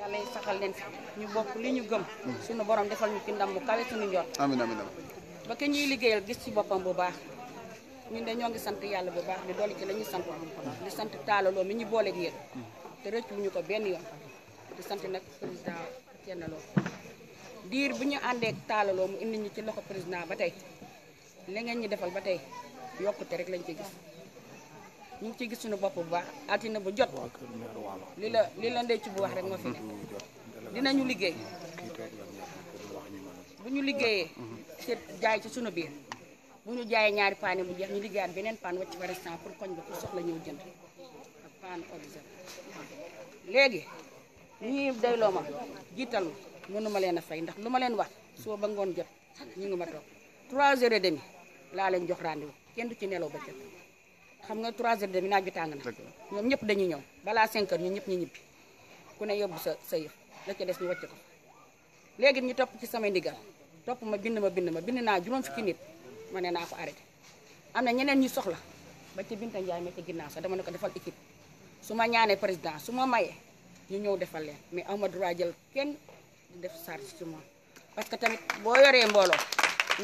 yàlla saxal leen fi ñu bokk li ñu gëm mm-hmm. suñu borom defal ñu ci mu bu kawe suñu njot amiin amiin ba ke ñuy liggéeyal gis ci boppam bu baax ñu de ñoo ngi sant yàlla bu baax di dolli ci la ñuy sant di sant taalaloo mi ñu booleeg yéen mm-hmm. te rëccu ñu ko benn yoon di sant nag président kenn loo diir bu ñu àndeek taalaloo mu indi ñu ci loxo président ba tey li ngeen ñu defal ba tey yokkute rek lañ ci gis ñu ngi ciy gis suñu bopp bu baax altine bu jot li la li la ndey ci bu wax rek moo fi dina ñu liggéey bu ñu liggéeyee te jaay ci suñu biir bu ñu jaayee ñaari paan bu jeex ñu liggéeyaat beneen paan wàcc fa restant pour koñ ba ku soxla ñëw jënd ak ñu objet dayloo ma jiital mënuma leen a fay ndax lu ma leen wax soo ba ngoon jot ñu ngi ma toog 3 heures de demi laa leen jox rendez kenn du ci nelaw ba jot xam nga 3 heures demi naa bi tàng na ñoom ñëpp dañuy ñëw balaa 5 heures ñun ñëpp ñu ñibbi ku ne yóbbu sa sa yëf la ca des ñu wàcc ko léegi ñu topp ci samay ndigal topp ma bind ma bind ma bind naa juróom fukki nit ma ne naa ko arrêté am na ñeneen ñu soxla ba ci Binta Ndiaye ma ci ginnaaw sax dama ne ko defal équipe su ma ñaanee président su ma mayee ñu ñëw defal leen mais aw ma droit jël kenn di def charge ci moom parce que tamit boo yoree mbooloo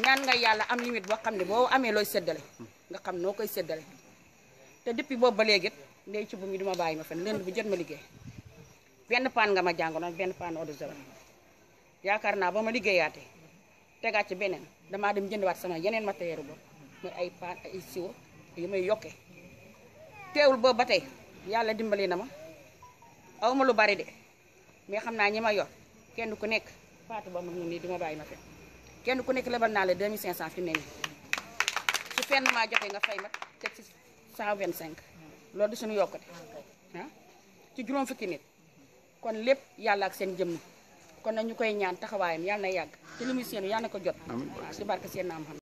ñaan nga yàlla am limite boo xam ne boo amee looy séddale nga xam noo koy séddale te depuis boobu ba léegi ndey ci bu mi duma bàyyi ma fen lënd bu jot ma liggéey benn paan nga ma jàngaloon benn paan eau de javel yaakaar naa ba ma liggéeyaate tegaat ci beneen damaa dem jëndiwaat sama yeneen matériel boobu mu ay paan ay siwo yu may yokke teewul boobu ba tey yàlla dimbali na ma aw ma lu bari de mais xam naa ñi ma yor kenn ku nekk faatu ba mu nii duma bàyyi ma fen kenn ku nekk lebal naa la 2500 fi mu ne nii su fenn maa joxe nga fay ma cent vingt cinq loolu di suñu yokkute ah ci juróom fukki nit kon lépp yàlla ak seen jëmm kon nag ñu koy ñaan taxawaayam yàlla na yàgg te li muy séenu yàlla na ko jot waaw si barke seen naam xam